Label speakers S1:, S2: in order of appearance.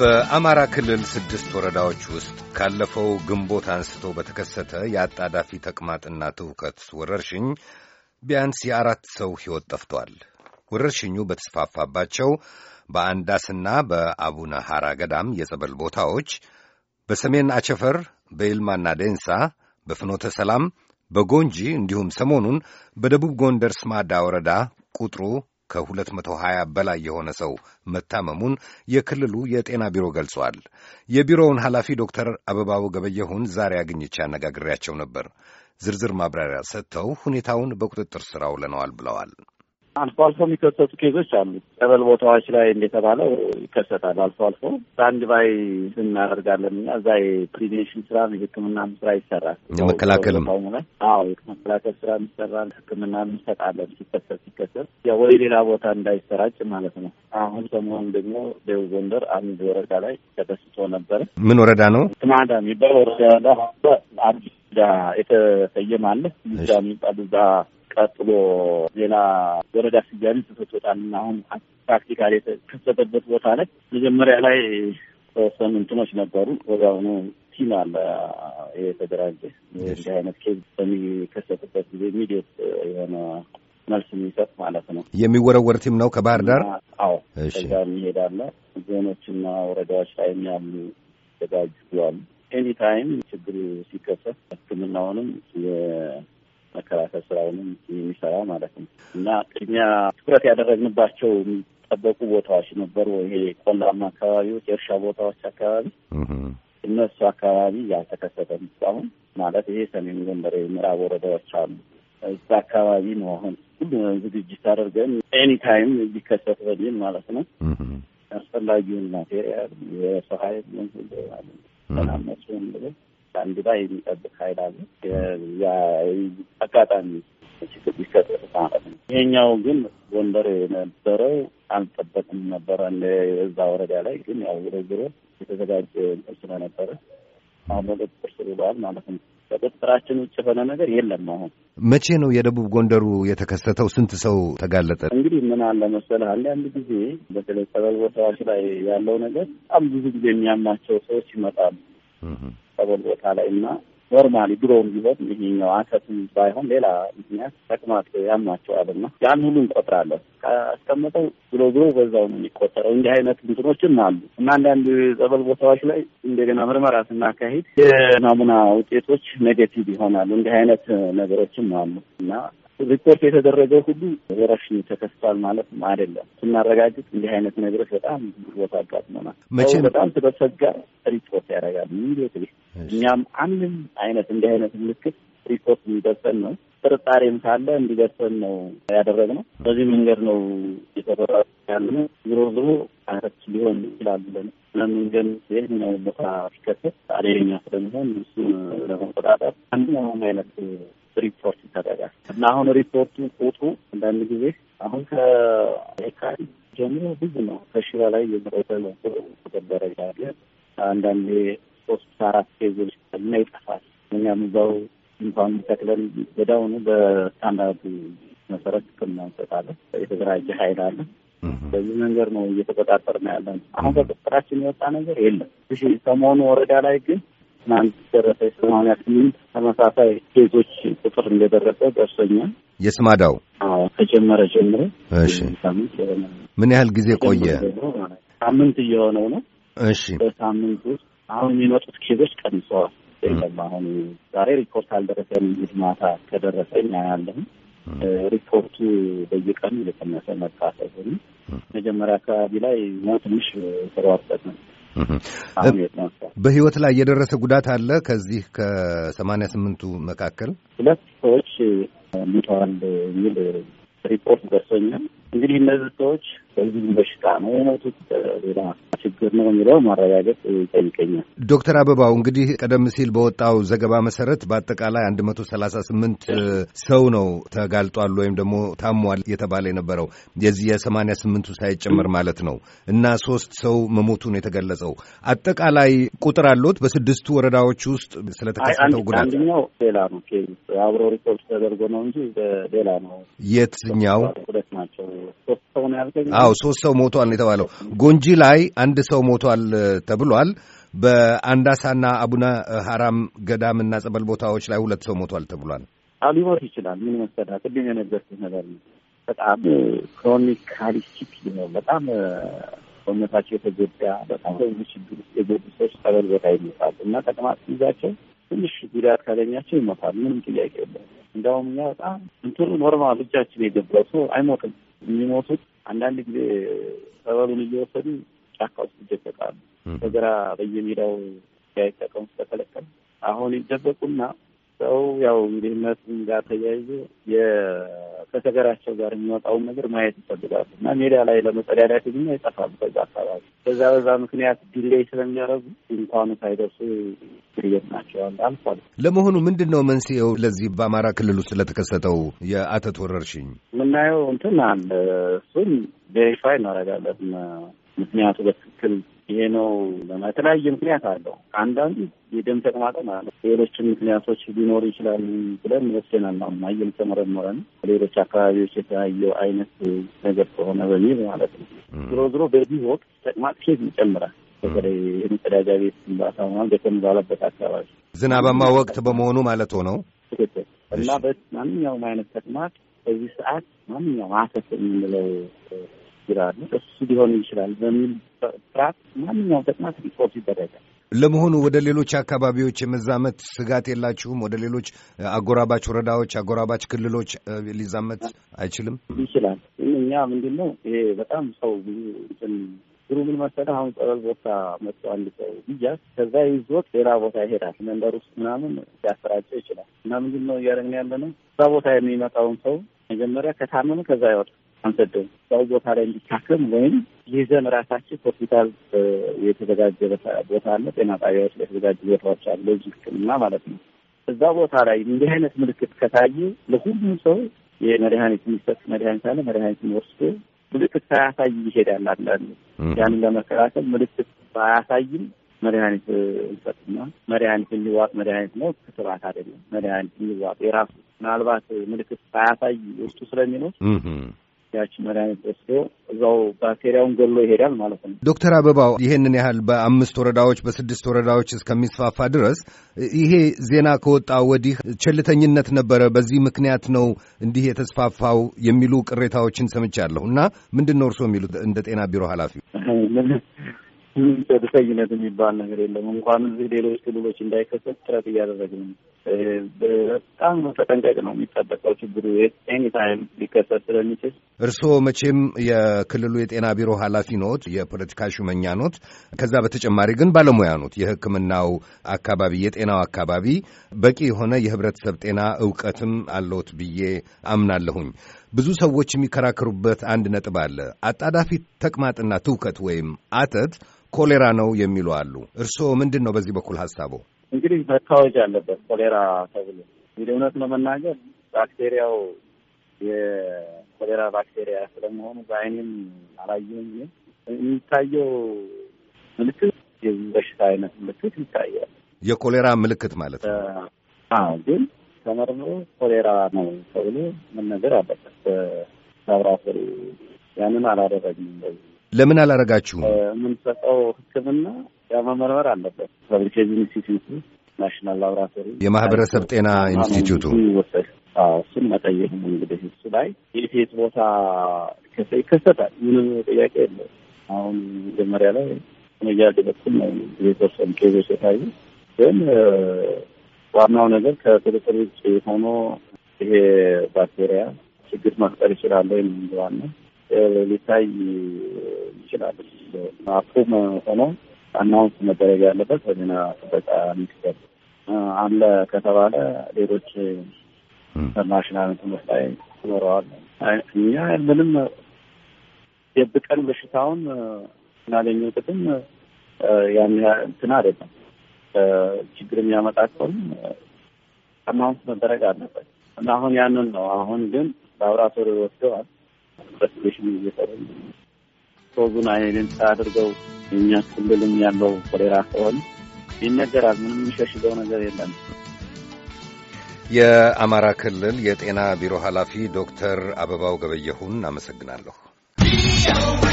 S1: በአማራ ክልል ስድስት ወረዳዎች ውስጥ ካለፈው ግንቦት አንስቶ በተከሰተ የአጣዳፊ ተቅማጥና ትውከት ወረርሽኝ ቢያንስ የአራት ሰው ሕይወት ጠፍቷል። ወረርሽኙ በተስፋፋባቸው በአንዳስና በአቡነ ሐራ ገዳም የጸበል ቦታዎች፣ በሰሜን አቸፈር፣ በይልማና ደንሳ በፍኖተ ሰላም፣ በጎንጂ እንዲሁም ሰሞኑን በደቡብ ጎንደር ስማዳ ወረዳ ቁጥሩ ከ220 በላይ የሆነ ሰው መታመሙን የክልሉ የጤና ቢሮ ገልጿል። የቢሮውን ኃላፊ ዶክተር አበባው ገበየሁን ዛሬ አግኝቼ አነጋግሬያቸው ነበር። ዝርዝር ማብራሪያ ሰጥተው ሁኔታውን በቁጥጥር ሥር አውለነዋል ብለዋል።
S2: አልፎ አልፎ የሚከሰቱ ኬዞች አሉ። ጸበል ቦታዎች ላይ እንደተባለው ይከሰታል። አልፎ አልፎ በአንድ ባይ እናደርጋለን እና እዛ የፕሪቬንሽን ስራ የህክምና ስራ ይሰራል። የመከላከልም አዎ መከላከል ስራ ይሰራል። ህክምና እንሰጣለን ሲከሰት ሲከሰት ወይ ሌላ ቦታ እንዳይሰራጭ ማለት ነው። አሁን ሰሞኑን ደግሞ ደቡብ ጎንደር አንድ ወረዳ ላይ ተከስቶ ነበረ። ምን ወረዳ ነው? ትማዳ የሚባል ወረዳ ያለ አዲስ የተሰየመ አለ ይዛ የሚባል እዛ ቀጥሎ ሌላ ወረዳ ስያሜ ተሰጥቶታልና አሁን ፕራክቲካል የተከሰተበት ቦታ ላይ መጀመሪያ ላይ ተወሰኑ እንትኖች ነበሩ። ወዲያውኑ ቲም አለ የተደራጀ እንዲህ አይነት ኬዝ በሚከሰትበት ጊዜ ኢሚዲየት የሆነ መልስ የሚሰጥ ማለት ነው።
S1: የሚወረወር ቲም ነው ከባህር ዳር።
S2: አዎ ከዛ የሚሄዳለ ዞኖችና ወረዳዎች ላይ ያሉ ተዘጋጅ አሉ ኤኒ ታይም ችግሩ ሲከሰት ሕክምናውንም የመከላከል ስራውንም የሚሰራ ማለት ነው እና ቅድሚያ ትኩረት ያደረግንባቸው የሚጠበቁ ቦታዎች ነበሩ። ይሄ ቆላማ አካባቢዎች፣ የእርሻ ቦታዎች አካባቢ እነሱ አካባቢ ያልተከሰተም እስካሁን ማለት ይሄ ሰሜን ጎንደር የምዕራብ ወረዳዎች አሉ። እዛ አካባቢ ነው አሁን ሁሉም ዝግጅት አደርገን ኤኒ ታይም ሊከሰት በሚል ማለት ነው አስፈላጊውን ማቴሪያል የሰው ኃይል ሰላም ናቸው የሚለው ባንዲራ የሚጠብቅ ኃይል አለ። አጋጣሚ ችግር ሊፈጠር ማለት ነው። ይሄኛው ግን ጎንደር የነበረው አልጠበቅም ነበረ እዛ ወረዳ ላይ ግን ያው ዝሮ ዞሮ የተዘጋጀ ስለነበረ አሁን ቁጥጥር ስር ውሏል ማለት ነው። ከቁጥጥራችን ውጭ የሆነ ነገር የለም። አሁን
S1: መቼ ነው የደቡብ ጎንደሩ የተከሰተው? ስንት ሰው ተጋለጠ?
S2: እንግዲህ ምን አለ መሰለህ አንዳንድ ጊዜ በተለይ ጸበል ቦታዎች ላይ ያለው ነገር በጣም ብዙ ጊዜ የሚያማቸው ሰዎች ይመጣሉ ጸበል ቦታ ላይ እና ኖርማሊ ድሮውም ቢሆን ይሄኛው አሰትም ባይሆን ሌላ ምክንያት ተቅማጥ ያሟቸዋል እና ያን ሁሉ እንቆጥራለን ከአስቀመጠው ብሎ ብሎ በዛው ነው የሚቆጠረው። እንዲህ አይነት እንትኖችም አሉ እና አንዳንድ ጸበል ቦታዎች ላይ እንደገና ምርመራ ስናካሂድ የናሙና ውጤቶች ኔጌቲቭ ይሆናሉ። እንዲህ አይነት ነገሮችም አሉ እና ሪፖርት የተደረገው ሁሉ ወረርሽኝ ተከስቷል ማለት አይደለም። ስናረጋግጥ እንዲህ አይነት ነገሮች በጣም ብዙ ቦታ አጋጥመናል። መቼም በጣም ስለሰጋ ሪፖርት ያደርጋል ሚሊዮት እኛም አንድም አይነት እንዲህ አይነት ምልክት ሪፖርት የሚደርሰን ነው። ጥርጣሬም ካለ እንዲደርሰን ነው ያደረግነው። በዚህ መንገድ ነው የተበራ ያለ ዞሮ ዞሮ አረች ሊሆን ይችላል ብለን ለምንገን ይህኛው ቦታ ሲከሰት አደገኛ ስለሚሆን እሱን ለመቆጣጠር አንድ አይነት ሪፖርት ይደረጋል እና አሁን ሪፖርቱ ቁጡ አንዳንድ ጊዜ አሁን ከየካቲት ጀምሮ ብዙ ነው። ከሺ በላይ የመረተ ደረጃ አለ። አንዳንዴ ሶስት አራት ፌዞች እና ይጠፋል። እኛም እዛው እንኳን ተክለን ወዲያውኑ በስታንዳርዱ መሰረት ሕክምና እንሰጣለን። የተደራጀ ኃይል አለ። በዚህ መንገድ ነው እየተቆጣጠር ነው ያለን። አሁን በቁጥጥራችን የወጣ ነገር የለም። ሰሞኑ ወረዳ ላይ ግን ትናንት ደረሰ የሰማንያ ስምንት ተመሳሳይ ኬዞች ቁጥር እንደደረሰ ደርሶኛል። የስማዳው ከጀመረ ጀምረ
S1: ምን ያህል ጊዜ ቆየ?
S2: ሳምንት እየሆነው ነው። እሺ በሳምንት ውስጥ አሁን የሚመጡት ኬዞች ቀንሰዋል። አሁን ዛሬ ሪፖርት አልደረሰም። ማታ ከደረሰኝ አያለሁ። ሪፖርቱ በየቀኑ እየቀነሰ መጣ። መጀመሪያ አካባቢ ላይ ሞ ትንሽ ተሯርጠት ነው
S1: በህይወት ላይ የደረሰ ጉዳት አለ? ከዚህ ከሰማንያ ስምንቱ
S2: መካከል ሁለት ሰዎች ሙተዋል የሚል ሪፖርት ደርሶኛል። እንግዲህ እነዚህ ሰዎች በዚህ በሽታ ነው የሞቱት ሌላ ችግር ነው የሚለው ማረጋገጥ ይጠይቀኛል።
S1: ዶክተር አበባው እንግዲህ ቀደም ሲል በወጣው ዘገባ መሰረት በአጠቃላይ አንድ መቶ ሰላሳ ስምንት ሰው ነው ተጋልጧል ወይም ደግሞ ታሟል የተባለ የነበረው የዚህ የሰማንያ ስምንቱ ሳይጨመር ማለት ነው እና ሶስት ሰው መሞቱን የተገለጸው አጠቃላይ ቁጥር አሎት በስድስቱ ወረዳዎች ውስጥ ስለተከሰተው ጉዳት
S2: አንደኛው ሌላ ነው አብሮ ሪፖርት ተደርጎ ነው እንጂ ሌላ ነው።
S1: የትኛው
S2: ሁለት ናቸው ሶስት ሰው ነው ያልከኝ? አዎ
S1: ሶስት ሰው ሞቷል ነው የተባለው ጎንጂ ላይ አንድ ሰው ሞቷል ተብሏል። በአንዳሳና አቡነ ሀራም ገዳም እና ጸበል ቦታዎች ላይ ሁለት ሰው ሞቷል ተብሏል።
S2: ሊሞት ይችላል። ምን መሰዳ ቅድም የነገርኩህ ነገር በጣም ክሮኒክ ሲክ ነው። በጣም ሰውነታቸው የተጎዳ በጣም በብዙ ችግር ውስጥ የገቡ ሰዎች ጸበል ቦታ ይሞታሉ እና ተቅማጥ ይዛቸው ትንሽ ጉዳት ካገኛቸው ይሞታል። ምንም ጥያቄ የለም። እንደውም እኛ በጣም እንትኑ ኖርማል እጃችን የገባው ሰው አይሞትም። የሚሞቱት አንዳንድ ጊዜ ጸበሉን እየወሰዱ ጫካ ውስጥ ይደበቃሉ። በግራ በየሜዳው ያይጠቀሙ ስለተለቀም አሁን ይደበቁና ሰው ያው እንግዲህነት ጋር ተያይዞ ከሰገራቸው ጋር የሚወጣውን ነገር ማየት ይፈልጋሉ እና ሜዳ ላይ ለመጸዳዳት ግና ይጠፋሉ። በዛ አካባቢ በዛ በዛ ምክንያት ዲሌይ ስለሚያደርጉ እንኳኑ ሳይደርሱ ግርየት ናቸዋል አልፏል።
S1: ለመሆኑ ምንድን ነው መንስኤው ለዚህ በአማራ ክልል ውስጥ ለተከሰተው የአተት ወረርሽኝ?
S2: ምናየው እንትን አለ እሱን ቬሪፋይ እናደርጋለን ምክንያቱ በትክክል ይሄ ነው የተለያየ ምክንያት አለው። አንዳንዱ የደም ተቅማጠ ማለት ሌሎችን ምክንያቶች ሊኖሩ ይችላሉ ብለን ወስደናል። አሁን አየም ተመረመረ ሌሎች አካባቢዎች የተለያየው አይነት ነገር ከሆነ በሚል ማለት ነው። ዞሮ ዞሮ በዚህ ወቅት ተቅማጥ ኬዝ ይጨምራል። በተለይ የመጸዳጃ ቤት ግንባታ ገተም ባለበት አካባቢ ዝናባማ ወቅት በመሆኑ ማለት ሆነው ትክክል እና በማንኛውም አይነት ተቅማጥ በዚህ ሰዓት ማንኛውም አሰፍ የምንለው ይችላሉ፣ እሱ ሊሆን ይችላል በሚል ፍርሃት ማንኛውም ተቅማጥ ሪፖርት ይደረጋል።
S1: ለመሆኑ ወደ ሌሎች አካባቢዎች የመዛመት ስጋት የላችሁም? ወደ ሌሎች አጎራባች ወረዳዎች፣ አጎራባች ክልሎች ሊዛመት አይችልም? ይችላል።
S2: እኛ ምንድን ነው ይሄ በጣም ሰው ግሩ ምን መሰለህ፣ አሁን ጸበል ቦታ መጥቶ አንድ ሰው ብያዝ ከዛ ይዞት ሌላ ቦታ ይሄዳል። መንደር ውስጥ ምናምን ሊያሰራጨው ይችላል። እና ምንድን ነው እያደረግን ያለ ነው እዛ ቦታ የሚመጣውን ሰው መጀመሪያ ከታመመ ከዛ ይወጣል። አንሰደውም። ሰው ቦታ ላይ እንዲታከም ወይም ይዘን ራሳችን ሆስፒታል የተዘጋጀ ቦታ አለ፣ ጤና ጣቢያዎች ላይ የተዘጋጁ ቦታዎች አሉ፣ ለዚህ ሕክምና ማለት ነው። እዛ ቦታ ላይ እንዲህ አይነት ምልክት ከታየ ለሁሉም ሰው የመድኃኒት የሚሰጥ መድኃኒት አለ። መድኃኒትን ወስዶ ምልክት ሳያሳይ ይሄዳል። አንዳንዱ ያንን ለመከላከል ምልክት ባያሳይም መድኃኒት እንሰጥና መድኃኒት የሚዋጥ መድኃኒት ነው፣ ክትባት አይደለም። መድኃኒት የሚዋጥ የራሱ ምናልባት ምልክት ሳያሳይ ውስጡ ስለሚኖር ያች መድኃኒት ወስዶ እዛው ባክቴሪያውን ገሎ ይሄዳል ማለት ነው።
S1: ዶክተር አበባው ይሄንን ያህል በአምስት ወረዳዎች በስድስት ወረዳዎች እስከሚስፋፋ ድረስ ይሄ ዜና ከወጣ ወዲህ ቸልተኝነት ነበረ፣ በዚህ ምክንያት ነው እንዲህ የተስፋፋው የሚሉ ቅሬታዎችን ሰምቻለሁ እና ምንድን ነው እርስዎ የሚሉት እንደ ጤና ቢሮ ኃላፊ
S2: ቸልተኝነት የሚባል ነገር የለም። እንኳን እዚህ ሌሎች ክልሎች እንዳይከሰት ጥረት እያደረግን ነው። በጣም መጠንቀቅ ነው የሚጠበቀው። ችግሩ ኤኒ ታይም ሊከሰት ስለሚችል
S1: እርስዎ መቼም የክልሉ የጤና ቢሮ ኃላፊ ኖት፣ የፖለቲካ ሹመኛ ኖት። ከዛ በተጨማሪ ግን ባለሙያ ኖት። የሕክምናው አካባቢ የጤናው አካባቢ በቂ የሆነ የህብረተሰብ ጤና እውቀትም አለዎት ብዬ አምናለሁኝ። ብዙ ሰዎች የሚከራከሩበት አንድ ነጥብ አለ። አጣዳፊ ተቅማጥና ትውከት ወይም አተት ኮሌራ ነው የሚሉ አሉ። እርስዎ ምንድን ነው በዚህ በኩል ሀሳቡ?
S2: እንግዲህ መታወጅ አለበት ኮሌራ ተብሎ እንግዲህ እውነት ለመናገር ባክቴሪያው የኮሌራ ባክቴሪያ ስለመሆኑ በአይኔም አላየሁም። የሚታየው ምልክት የበሽታ አይነት ምልክት ይታያል።
S1: የኮሌራ ምልክት ማለት ነው።
S2: ግን ተመርምሮ ኮሌራ ነው ተብሎ መነገር አለበት ላብራቶሪ። ያንን አላደረግም። እንደዚህ
S1: ለምን አላረጋችሁ?
S2: የምንሰጠው ሕክምና ያ መመርመር አለበት። ፋብሪኬዝ ኢንስቲትዩቱ ናሽናል ላብራቶሪ፣ የማህበረሰብ ጤና ኢንስቲትዩቱ ይወሰድ። እሱን መጠየቅም እንግዲህ እሱ ላይ የሴት ቦታ ይከሰታል። ምንም ጥያቄ የለውም። አሁን መጀመሪያ ላይ ሜጃ በኩል ነው ሶርሰን ኬዞች የታዩ ግን ዋናው ነገር ከቁጥጥር ውጭ ሆኖ ይሄ ባክቴሪያ ችግር መፍጠር ይችላል ወይ ዋና ሊታይ ይችላል። አፕሩቭ ሆኖ አናውንስ መደረግ ያለበት በዜና ጥበቃ ሚኒስቴር አለ ከተባለ ሌሎች ኢንተርናሽናል ትምህርት ላይ ይኖረዋል። እኛ ምንም የብቀን በሽታውን እናገኘው ቅድም ያን ትን አይደለም። ችግር የሚያመጣ ከሆነ አናውንስ መደረግ አለበት እና አሁን ያንን ነው። አሁን ግን ላብራቶሪ ወስደዋል። ኢንቨስቲጌሽን እየሰሩ ሶዙን አይንን አድርገው እኛ ክልልም ያለው ኮሌራ ከሆነ ይነገራል። ምንም የሚሸሽለው ነገር የለም።
S1: የአማራ ክልል የጤና ቢሮ ኃላፊ ዶክተር አበባው ገበየሁን አመሰግናለሁ።